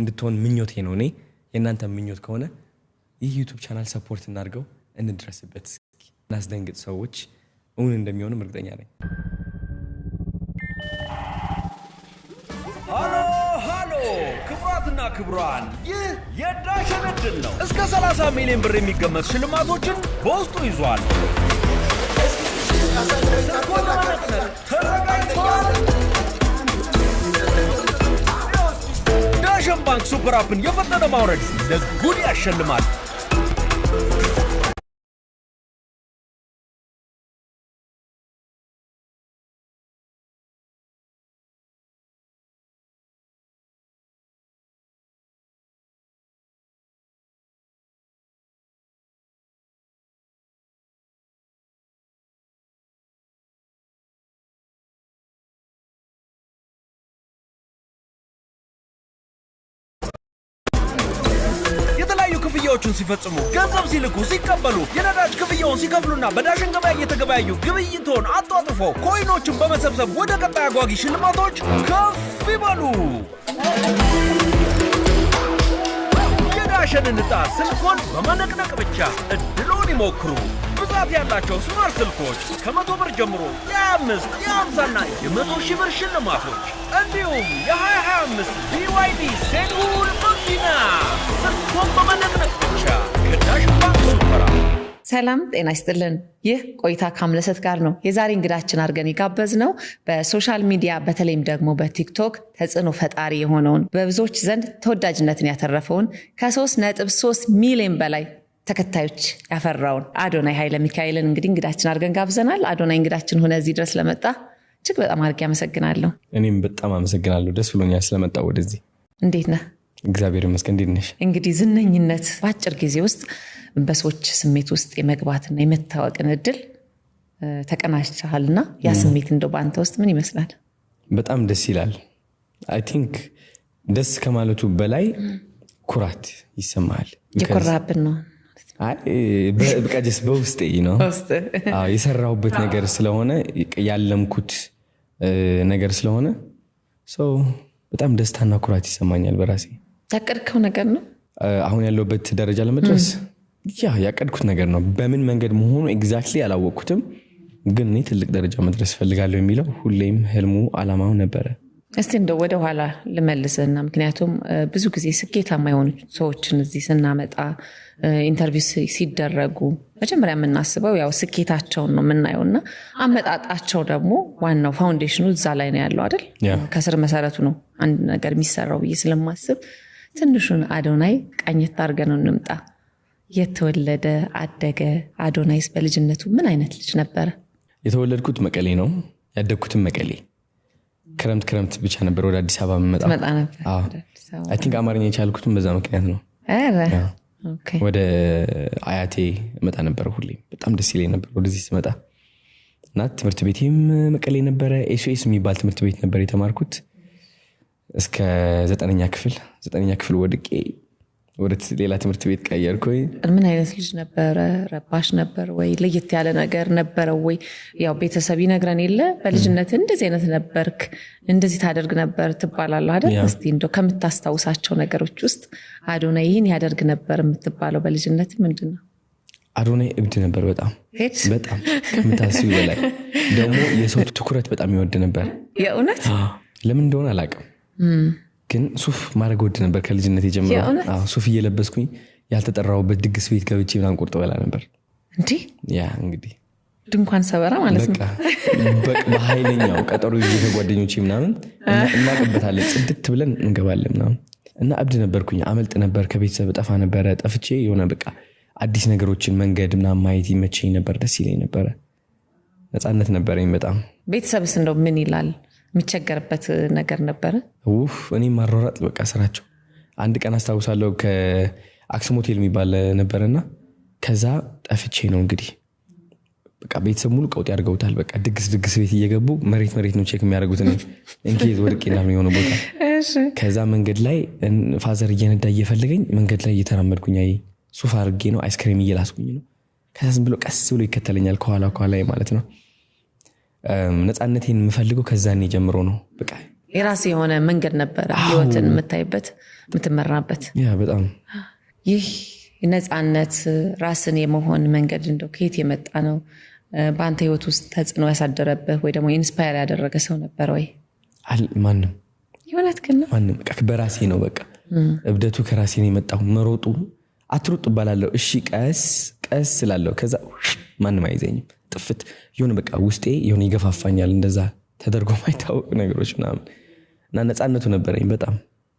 እንድትሆን ምኞቴ ነው። እኔ የእናንተ ምኞት ከሆነ ይህ ዩቱብ ቻናል ሰፖርት እናድርገው፣ እንድረስበት፣ እናስደንግጥ። ሰዎች እውን እንደሚሆንም እርግጠኛ ነኝ። ሃሎ ሃሎ! ክቡራትና ክቡራን ይህ የዳሸን እድል ነው። እስከ 30 ሚሊዮን ብር የሚገመት ሽልማቶችን በውስጡ ይዟል። ተዘጋጅተዋል። ባንክ ሱፐር አፕን የፈጠነ ማውረድ ለጉድ ያሸልማል። ክፍያዎችን ሲፈጽሙ፣ ገንዘብ ሲልኩ፣ ሲቀበሉ፣ የነዳጅ ክፍያውን ሲከፍሉና በዳሽን ገበያ እየተገበያዩ ግብይቶን አጧጥፎ ኮይኖችን በመሰብሰብ ወደ ቀጣይ አጓጊ ሽልማቶች ከፍ ይበሉ። የዳሽን ዕጣ ስልኮን በመነቅነቅ ብቻ እድሉን ይሞክሩ። ጥራት ያላቸው ስማርት ስልኮች ከመቶ ብር ጀምሮ የአምስት የአምሳና የመቶ ሺህ ብር ሽልማቶች እንዲሁም የ2025 ቢዋይዲ ሴጉል መኪና ስልኮን በመነቅነቅ ብቻ ከዳሽ ባንክ ሱፐራ። ሰላም ጤና ይስጥልን። ይህ ቆይታ ከአምለሰት ጋር ነው። የዛሬ እንግዳችን አድርገን የጋበዝ ነው በሶሻል ሚዲያ በተለይም ደግሞ በቲክቶክ ተጽዕኖ ፈጣሪ የሆነውን በብዙዎች ዘንድ ተወዳጅነትን ያተረፈውን ከ ሶስት ሚሊዮን በላይ ተከታዮች ያፈራውን አዶናይ ኃይለ ሚካኤልን እንግዲህ እንግዳችን አድርገን ጋብዘናል። አዶናይ እንግዳችን ሆነ እዚህ ድረስ ለመጣ እጅግ በጣም አድርጌ አመሰግናለሁ። እኔም በጣም አመሰግናለሁ። ደስ ብሎኛል ስለመጣ ወደዚህ። እንዴት ነህ? እግዚአብሔር ይመስገን። እንዴት ነሽ? እንግዲህ ዝነኝነት በአጭር ጊዜ ውስጥ በሰዎች ስሜት ውስጥ የመግባትና የመታወቅን እድል ተቀናጅተሃልና ያ ስሜት እንደው በአንተ ውስጥ ምን ይመስላል? በጣም ደስ ይላል። አይ ቲንክ ደስ ከማለቱ በላይ ኩራት ይሰማል። የኮራብን ነው በቃጀስ በውስጤ ነው የሰራሁበት ነገር ስለሆነ ያለምኩት ነገር ስለሆነ ሰው በጣም ደስታና ኩራት ይሰማኛል። በራሴ ያቀድከው ነገር ነው። አሁን ያለውበት ደረጃ ለመድረስ ያ ያቀድኩት ነገር ነው። በምን መንገድ መሆኑ ኤግዛክትሊ አላወቅኩትም፣ ግን እኔ ትልቅ ደረጃ መድረስ ፈልጋለሁ የሚለው ሁሌም ህልሙ አላማው ነበረ። እስቲ እንደው ወደ ኋላ ልመልስና ምክንያቱም ብዙ ጊዜ ስኬታማ የሆኑ ሰዎችን እዚህ ስናመጣ ኢንተርቪው ሲደረጉ መጀመሪያ የምናስበው ያው ስኬታቸውን ነው የምናየው እና አመጣጣቸው ደግሞ ዋናው ፋውንዴሽኑ እዛ ላይ ነው ያለው አይደል? ከስር መሰረቱ ነው አንድ ነገር የሚሰራው ብዬ ስለማስብ ትንሹን አዶናይ ቀኝት አድርገን ነው እንምጣ። የተወለደ አደገ አዶናይስ በልጅነቱ ምን አይነት ልጅ ነበረ? የተወለድኩት መቀሌ ነው ያደግኩትም መቀሌ ክረምት ክረምት ብቻ ነበር ወደ አዲስ አበባ መጣ አማርኛ የቻልኩትም በዛ ምክንያት ነው። ወደ አያቴ መጣ ነበር ሁሌ። በጣም ደስ ይለኝ ነበር ወደዚህ ስመጣ እና ትምህርት ቤቴም መቀሌ ነበረ። ኤስኤስ የሚባል ትምህርት ቤት ነበር የተማርኩት እስከ ዘጠነኛ ክፍል። ዘጠነኛ ክፍል ወድቄ ወደ ሌላ ትምህርት ቤት ቀየርኩኝ። ምን አይነት ልጅ ነበረ? ረባሽ ነበር ወይ? ለየት ያለ ነገር ነበረ ወይ? ያው ቤተሰብ ይነግረን የለ በልጅነት እንደዚህ አይነት ነበርክ፣ እንደዚህ ታደርግ ነበር ትባላለ አደ እስቲ እንደ ከምታስታውሳቸው ነገሮች ውስጥ አዶናይ ይህን ያደርግ ነበር የምትባለው በልጅነት ምንድን ነው? አዶናይ እብድ ነበር። በጣም በጣም በላይ ደግሞ የሰው ትኩረት በጣም ይወድ ነበር። የእውነት ለምን እንደሆነ አላውቅም ግን ሱፍ ማድረግ ወድ ነበር ከልጅነት የጀመረው። ሱፍ እየለበስኩኝ ያልተጠራውበት ድግስ ቤት ገብቼ ምናምን ቁርጥ በላ ነበር። እንዴ ያ እንግዲህ ድንኳን ሰበራ ማለት ነው። በሀይለኛው ቀጠሮ ይዤ ምናምን እናቅበታለን፣ ጽድት ብለን እንገባለን ምናምን እና እብድ ነበርኩኝ። አመልጥ ነበር ከቤተሰብ ጠፋ ነበረ። ጠፍቼ የሆነ በቃ አዲስ ነገሮችን መንገድ ምናምን ማየት ይመቸኝ ነበር፣ ደስ ይለኝ ነበረ። ነፃነት ነበረኝ በጣም። ቤተሰብስ እንደው ምን ይላል? የሚቸገርበት ነገር ነበረ? ውፍ እኔ ማሯሯጥ በቃ ስራቸው። አንድ ቀን አስታውሳለሁ ከአክሱም ሆቴል የሚባል ነበረና ከዛ ጠፍቼ ነው እንግዲህ በቃ ቤተሰብ ሙሉ ቀውጥ ያደርገውታል። በቃ ድግስ ድግስ ቤት እየገቡ መሬት መሬት ነው ቼክ የሚያደርጉት እንኬዝ ወድቄና የሆነ ቦታ። ከዛ መንገድ ላይ ፋዘር እየነዳ እየፈለገኝ መንገድ ላይ እየተራመድኩኝ አይ ሱፍ አድርጌ ነው አይስክሬም እየላስኩኝ ነው። ከዛ ዝም ብሎ ቀስ ብሎ ይከተለኛል ከኋላ ከኋላ ማለት ነው። ነፃነቴን የምፈልገው ከዛኔ ጀምሮ ነው። በቃ የራሴ የሆነ መንገድ ነበረ ህይወትን የምታይበት የምትመራበት። በጣም ይህ ነፃነት ራስን የመሆን መንገድ እንደው ከየት የመጣ ነው? በአንተ ህይወት ውስጥ ተጽዕኖ ያሳደረብህ ወይ ደግሞ ኢንስፓየር ያደረገ ሰው ነበር ወይ? ማንም የእውነት ግን ነው ማንም በራሴ ነው። በቃ እብደቱ ከራሴ ነው የመጣው። መሮጡ አትሩጥ እባላለሁ። እሺ ቀስ ቀስ ስላለሁ ከዛ ማንም አይዘኝም ጥፍት የሆነ በቃ ውስጤ የሆነ ይገፋፋኛል። እንደዛ ተደርጎ ማይታወቅ ነገሮች ምናምን እና ነፃነቱ ነበረኝ በጣም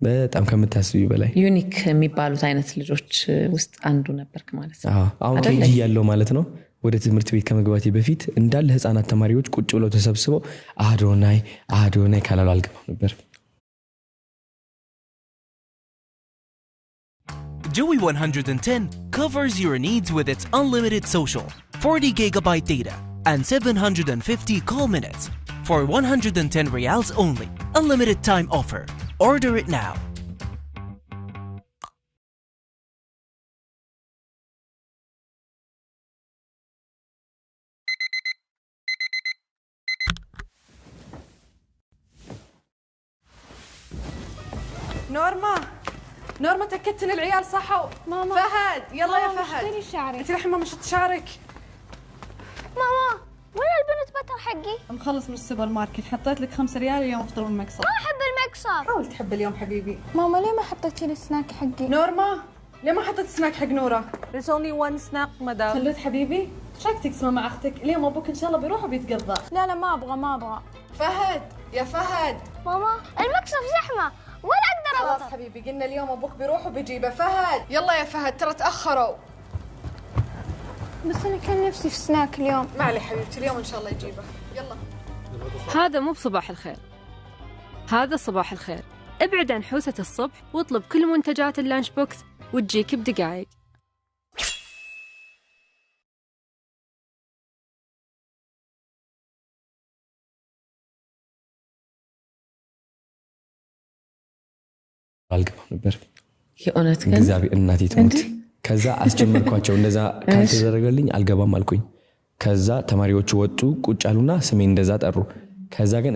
በጣም ከምታስቢ በላይ ዩኒክ የሚባሉት አይነት ልጆች ውስጥ አንዱ ነበርክ ማለት ነው። አሁን ኬጂ ያለው ማለት ነው። ወደ ትምህርት ቤት ከመግባቴ በፊት እንዳለ ህፃናት ተማሪዎች ቁጭ ብለው ተሰብስበው አዶናይ አዶናይ ካላሉ አልገባም ነበር። Dewey 110 covers your needs with its unlimited social. 40 gigabyte data, and 750 call minutes for 110 reals only. Unlimited time offer. Order it now. نورما نورما تاكدت ان العيال صحوا ماما فهد يلا يا فهد اشتري شعرك انت الحين ما مشت شعرك ماما وين البنت بتر حقي؟ مخلص من السوبر ماركت حطيت لك 5 ريال اليوم افطر من المقصر ما احب المكسر حاول تحب اليوم حبيبي ماما ليه ما حطيتي لي سناك حقي؟ نورما ليه ما حطيت سناك حق نورة؟ There's only one snack مدام خلود حبيبي ايش رايك تقسمه مع اختك؟ اليوم ابوك ان شاء الله بيروح وبيتقضى لا لا ما ابغى ما ابغى فهد يا فهد ماما المقصف زحمه ولا اقدر خلاص حبيبي قلنا اليوم ابوك بيروح وبيجيبه فهد يلا يا فهد ترى تاخروا بس انا كان نفسي في سناك اليوم ما عليه حبيبتي اليوم ان شاء الله يجيبه يلا هذا مو بصباح الخير هذا صباح الخير ابعد عن حوسة الصبح واطلب كل منتجات اللانش بوكس وتجيك بدقايق قبل برفي هي انا تكن انها ከዛ አስጀመርኳቸው። እንደዛ ካልተደረገልኝ አልገባም አልኩኝ። ከዛ ተማሪዎቹ ወጡ፣ ቁጭ አሉና ስሜን እንደዛ ጠሩ። ከዛ ግን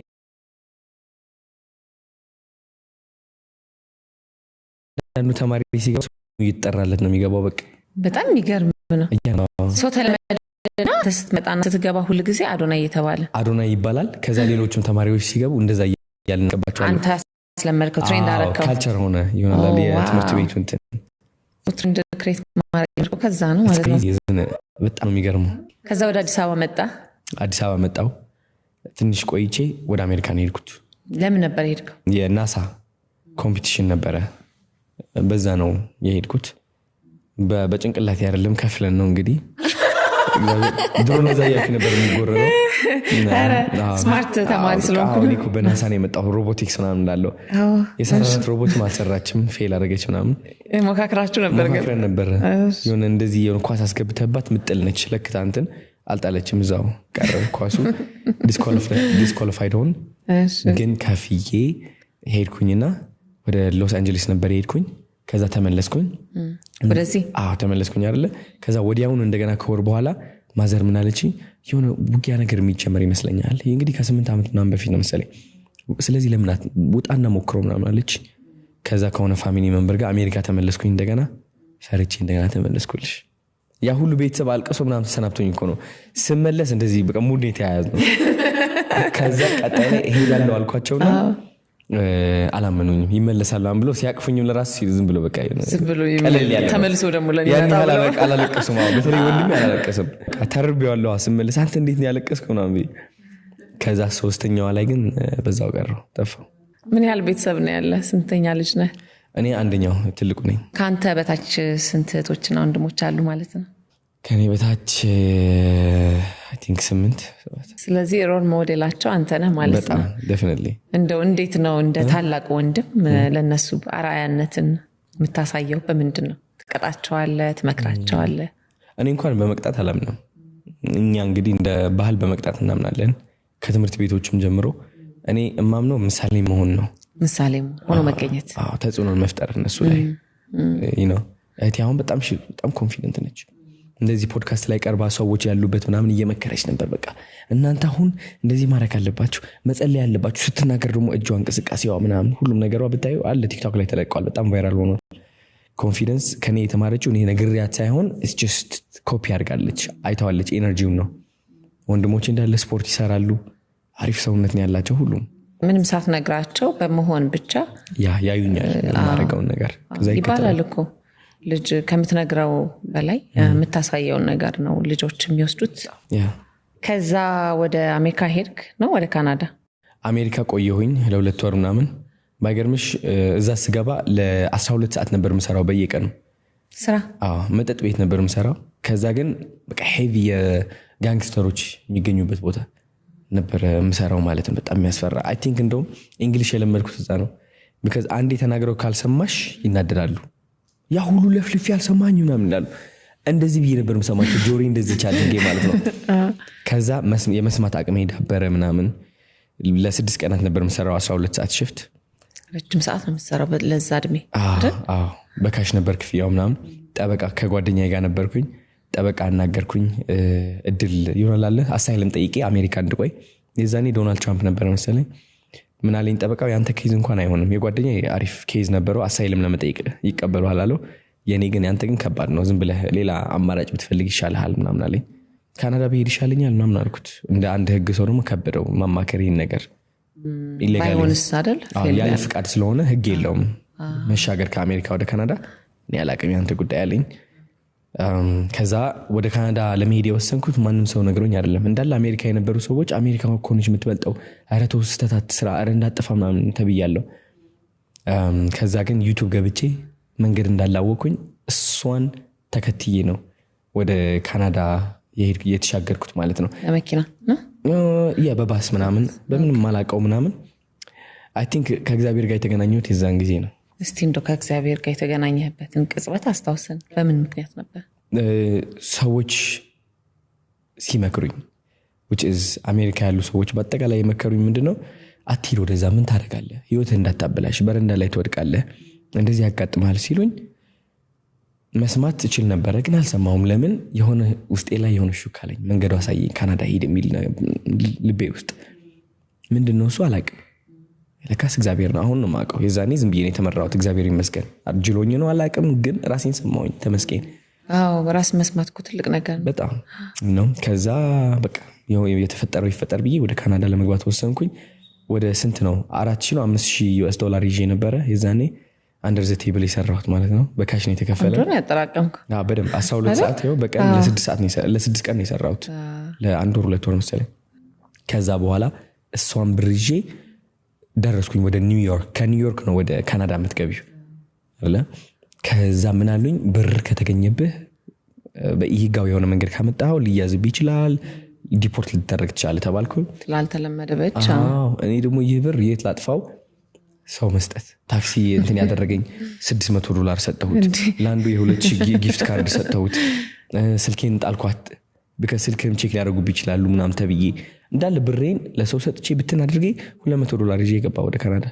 አንዳንዱ ተማሪ ሲገባ ይጠራለት ነው የሚገባው። በቃ በጣም የሚገርም ነው። ሰው ተለመደና ስትመጣና ስትገባ ሁል ጊዜ አዶና እየተባለ አዶና ይባላል። ከዛ ሌሎችም ተማሪዎች ሲገቡ እንደዛ እያልን አንተ ስለመልከው ትሬንድ አረከው ካልቸር ሆነ ይሆናል የትምህርት ቤቱ እንትን ቁጥሩን ክሬት ማድረግ ከዛ ነው ማለት ነው። በጣም ነው የሚገርመው። ከዛ ወደ አዲስ አበባ መጣ። አዲስ አበባ መጣው። ትንሽ ቆይቼ ወደ አሜሪካ ነው ሄድኩት። ለምን ነበር ሄድከው? የናሳ ኮምፒቲሽን ነበረ። በዛ ነው የሄድኩት። በጭንቅላት አይደለም ከፍለን ነው እንግዲህ ድሮ ነዛ ነበር የሚጎረረው። ስማርት ተማሪ ስለሆንኩ በናሳ ነው የመጣሁ ሮቦቲክስ ምናምን እንዳለው የሰራናት ሮቦት ማሰራችም ፌል አደረገች ምናምን ሞካክራችሁ ነበር ነበር የሆነ እንደዚህ የሆነ ኳስ አስገብተባት ምጥል ነች። ለክታ እንትን አልጣለችም፣ እዛው ቀረ ኳሱ። ዲስኳሊፋይድ ሆን ግን ከፍዬ ሄድኩኝና ወደ ሎስ አንጀሊስ ነበር የሄድኩኝ ከዛ ተመለስኩኝ ወደዚህ አዎ ተመለስኩኝ አለ ከዛ ወዲያውኑ እንደገና ከወር በኋላ ማዘር ምናለች የሆነ ውጊያ ነገር የሚጀመር ይመስለኛል ይህ እንግዲህ ከስምንት ዓመት ምናምን በፊት ነው መሰለኝ ስለዚህ ለምናት ውጣና ሞክሮ ምናምናለች ከዛ ከሆነ ፋሚሊ መንበር ጋር አሜሪካ ተመለስኩኝ እንደገና ሰርቼ እንደገና ተመለስኩልሽ ያ ሁሉ ቤተሰብ አልቅሶ ምናምን ተሰናብቶኝ እኮ ነው ስመለስ እንደዚህ በቃ ሙድ የተያያዝ ነው ከዛ ቀጣይ ሄዳለው አልኳቸውና አላመኑኝም። ይመለሳል አሁን ብሎ ሲያቅፉኝም ለራሱ ሲል ዝም ብሎ በቃ ተመልሶ ደግሞ አላለቀሱም። በተለይ ወንድሜ አላለቀስም። ተርቤዋለሁ። ስመለስ አንተ እንዴት ያለቀስኩ ያለቀስከው? ምናምን ከዛ ሶስተኛዋ ላይ ግን በዛው ቀረ ጠፋው። ምን ያህል ቤተሰብ ነው ያለ? ስንተኛ ልጅ ነህ? እኔ አንደኛው ትልቁ ነኝ። ከአንተ በታች ስንት እህቶችና ወንድሞች አሉ ማለት ነው? ከኔ በታች ቲንክ ስምንት። ስለዚህ ሮል ሞዴላቸው አንተ ነህ ማለት ነው። እንደው እንዴት ነው እንደ ታላቅ ወንድም ለነሱ አርአያነትን የምታሳየው በምንድን ነው? ትቀጣቸዋለህ? ትመክራቸዋለህ? እኔ እንኳን በመቅጣት አለምነው እኛ እንግዲህ እንደ ባህል በመቅጣት እናምናለን። ከትምህርት ቤቶችም ጀምሮ እኔ እማምነው ምሳሌ መሆን ነው። ምሳሌ ሆኖ መገኘት፣ ተጽዕኖን መፍጠር እነሱ ላይ ነው። እህቴ አሁን በጣም ኮንፊደንት ነች እንደዚህ ፖድካስት ላይ ቀርባ ሰዎች ያሉበት ምናምን እየመከረች ነበር። በቃ እናንተ አሁን እንደዚህ ማድረግ አለባችሁ፣ መጸለይ አለባችሁ። ስትናገር ደግሞ እጇ እንቅስቃሴዋ ምናምን ሁሉም ነገሯ ብታዩ አለ ቲክቶክ ላይ ተለቀዋል። በጣም ቫይራል ሆኖ ኮንፊደንስ ከኔ የተማረችው እኔ ነግሬያት ሳይሆን ጀስት ኮፒ አድርጋለች። አይተዋለች። ኤነርጂውን ነው ወንድሞች እንዳለ ስፖርት ይሰራሉ። አሪፍ ሰውነት ነው ያላቸው ሁሉም ምንም ሳትነግራቸው በመሆን ብቻ ያዩኛል የማደርገውን ነገር ይባላል እኮ ልጅ ከምትነግረው በላይ የምታሳየውን ነገር ነው ልጆች የሚወስዱት። ከዛ ወደ አሜሪካ ሄድክ ነው ወደ ካናዳ? አሜሪካ ቆየሁኝ ለሁለት ወር ምናምን። ባይገርምሽ እዛ ስገባ ለ12 ሰዓት ነበር ምሰራው በየቀኑ ስራ። መጠጥ ቤት ነበር ምሰራው። ከዛ ግን በቃ ሄቪ የጋንግስተሮች የሚገኙበት ቦታ ነበር ምሰራው ማለት ነው። በጣም የሚያስፈራ አይ ቲንክ እንደውም እንግሊሽ የለመድኩት እዛ ነው። ቢካዝ አንዴ ተናግረው ካልሰማሽ ይናደዳሉ። ያ ሁሉ ለፍልፍ ያልሰማኝ ምናምን ይላሉ። እንደዚህ ብዬ ነበር የምሰማቸው ጆሮዬ እንደዚህ ቻለንጌ ማለት ነው። ከዛ የመስማት አቅሜ ዳበረ ምናምን። ለስድስት ቀናት ነበር የምሰራው አስራ ሁለት ሰዓት ሽፍት ረጅም ሰዓት ነው የምትሰራው ለዛ እድሜ። በካሽ ነበር ክፍያው ምናምን። ጠበቃ ከጓደኛ ጋር ነበርኩኝ። ጠበቃ አናገርኩኝ። እድል ይሆናላለ አሳይለም ጠይቄ አሜሪካ እንድቆይ የዛኔ ዶናልድ ትራምፕ ነበር መሰለኝ ምናለኝ ጠበቃው የአንተ ኬዝ እንኳን አይሆንም፣ የጓደኛ አሪፍ ኬዝ ነበረው አሳይልም ለመጠየቅ ይቀበሉ አላለ የእኔ ግን ያንተ ግን ከባድ ነው፣ ዝም ብለ ሌላ አማራጭ ብትፈልግ ይሻልሃል ምናምን አለኝ። ካናዳ ብሄድ ይሻለኛል ምናምን አልኩት። እንደ አንድ ህግ ሰው ደግሞ ከበደው ማማከር ይህን ነገር ያለ ፍቃድ ስለሆነ ህግ የለውም መሻገር ከአሜሪካ ወደ ካናዳ እኔ አላቅም ያንተ ጉዳይ አለኝ። ከዛ ወደ ካናዳ ለመሄድ የወሰንኩት ማንም ሰው ነግሮኝ አይደለም። እንዳለ አሜሪካ የነበሩ ሰዎች አሜሪካ መኮንች የምትበልጠው፣ ኧረ ስተታት ስራ፣ ረ እንዳጠፋ ምናምን ተብያለሁ። ከዛ ግን ዩቱብ ገብቼ መንገድ እንዳላወኩኝ እሷን ተከትዬ ነው ወደ ካናዳ የተሻገርኩት ማለት ነው። በመኪና በባስ ምናምን በምንም ማላቀው ምናምን አይ ቲንክ ከእግዚአብሔር ጋር የተገናኘት የዛን ጊዜ ነው። እስቲ እንደው ከእግዚአብሔር ጋር የተገናኘህበትን ቅጽበት አስታውሰን። በምን ምክንያት ነበር? ሰዎች ሲመክሩኝ አሜሪካ ያሉ ሰዎች በአጠቃላይ የመከሩኝ ምንድን ነው፣ አትሂድ ወደዛ፣ ምን ታደርጋለህ? ህይወትህ እንዳታበላሽ፣ በረንዳ ላይ ትወድቃለህ፣ እንደዚህ ያጋጥመሃል ሲሉኝ መስማት እችል ነበረ፣ ግን አልሰማሁም። ለምን? የሆነ ውስጤ ላይ የሆነ ሹካለኝ መንገዱ አሳየኝ፣ ካናዳ ሂድ የሚል ልቤ ውስጥ ምንድን ነው እሱ አላቅም ለካስ እግዚአብሔር ነው። አሁን ነው የማውቀው። የዛኔ ዝም ብዬ ነው የተመራሁት። እግዚአብሔር ይመስገን። አጅሎኝ ነው አላውቅም፣ ግን ራሴን ሰማሁኝ። ተመስገን። አዎ ራስ መስማት እኮ ትልቅ ነገር በጣም ነው። ከዛ በቃ የተፈጠረው ይፈጠር ብዬ ወደ ካናዳ ለመግባት ወሰንኩኝ። ወደ ስንት ነው አራት ሺ ነው አምስት ሺ ዩኤስ ዶላር ይዤ ነበረ የዛኔ አንደር ዘ ቴብል የሰራሁት ማለት ነው። በካሽ ነው የተከፈለ በደንብ አስራ ሁለት ሰዓት ው በቀን ለስድስት ቀን ነው የሰራሁት ለአንድ ወር ሁለት ወር መሰለኝ። ከዛ በኋላ እሷን ብር ይዤ ደረስኩኝ ወደ ኒውዮርክ። ከኒውዮርክ ነው ወደ ካናዳ የምትገቢ አለ። ከዛ ምናሉኝ ብር ከተገኘብህ በኢህጋዊ የሆነ መንገድ ካመጣው ሊያዝብ ይችላል፣ ዲፖርት ልትደረግ ትችላለህ ተባልኩ። ላልተለመደ ብቻ እኔ ደግሞ ይህ ብር የት ላጥፋው ሰው መስጠት ታክሲ እንትን ያደረገኝ 600 መቶ ዶላር ሰጠሁት። ለአንዱ የሁለት ሺህ ጊፍት ካርድ ሰጠሁት። ስልኬን ጣልኳት። ስልክም ቼክ ሊያደርጉብህ ይችላሉ ምናምን ተብዬ እንዳለ ብሬን ለሰው ሰጥቼ ብትን አድርጌ ሁለት ዶላር ይዤ የገባ ወደ ካናዳ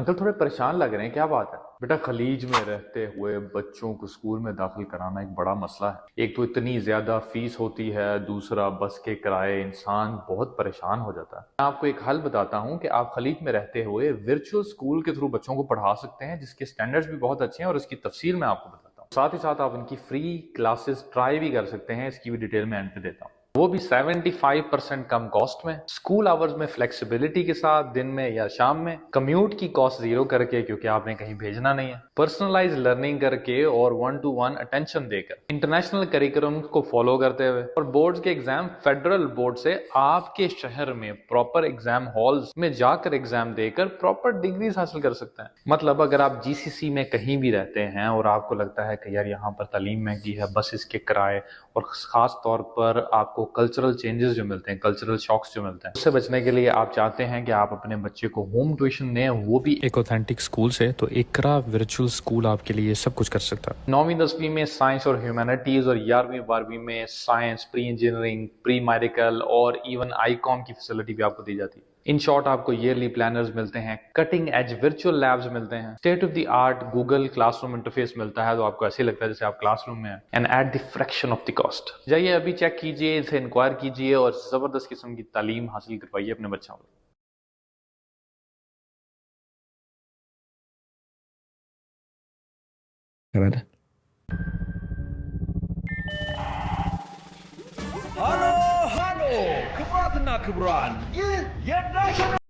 uncle थोड़े परेशान लग रहे हैं क्या बात है बेटा खलीज में रहते हुए बच्चों को स्कूल में दाखिल कराना एक बड़ा मसला है एक तो इतनी ज्यादा फीस होती है दूसरा बस के किराए इंसान बहुत परेशान हो जाता है मैं आपको एक हल बताता हूँ कि आप खलीज में रहते हुए वर्चुअल स्कूल के थ्रू बच्चों को पढ़ा सकते हैं जिसके स्टैंडर्ड्स भी बहुत अच्छे हैं और इसकी तफसील मैं आपको बताता हूँ साथ ही साथ आप इनकी फ्री क्लासेस ट्राई भी कर सकते हैं इसकी भी डिटेल में एंड पे देता हूँ वो भी 75 परसेंट कम कॉस्ट में स्कूल आवर्स में फ्लेक्सिबिलिटी के साथ दिन में या शाम में कम्यूट की कॉस्ट जीरो करके क्योंकि आपने कहीं भेजना नहीं है पर्सनलाइज लर्निंग करके और वन टू वन अटेंशन देकर इंटरनेशनल करिकुलम को फॉलो करते हुए और बोर्ड के एग्जाम फेडरल बोर्ड से आपके शहर में प्रॉपर एग्जाम हॉल्स में जाकर एग्जाम देकर प्रॉपर डिग्रीज हासिल कर सकते हैं मतलब अगर आप जीसीसी में कहीं भी रहते हैं और आपको लगता है कि यार यहाँ पर तालीम महंगी है बस इसके किराए और ख़ास तौर पर आपको आपको कल्चरल चेंजेस जो मिलते हैं कल्चरल शॉक्स जो मिलते हैं उससे बचने के लिए आप चाहते हैं कि आप अपने बच्चे को होम ट्यूशन दें वो भी एक ऑथेंटिक स्कूल से तो एकरा वर्चुअल स्कूल आपके लिए सब कुछ कर सकता है नौवीं दसवीं में साइंस और ह्यूमैनिटीज और ग्यारहवीं बारहवीं में science pre engineering pre medical और इवन आईकॉम की फैसिलिटी भी आपको दी जाती है इन शॉर्ट आपको ईयरली प्लानर्स मिलते हैं कटिंग एज वर्चुअल लैब्स मिलते हैं state of the art Google classroom interface मिलता है तो आपको ऐसे लगता है जैसे आप क्लासरूम में हैं and at the fraction of the cost जाइए अभी चेक कीजिए इसे इंक्वायर कीजिए और जबरदस्त किस्म की तालीम हासिल करवाइए अपने बच्चों को ክብራትና ክብራን ይህ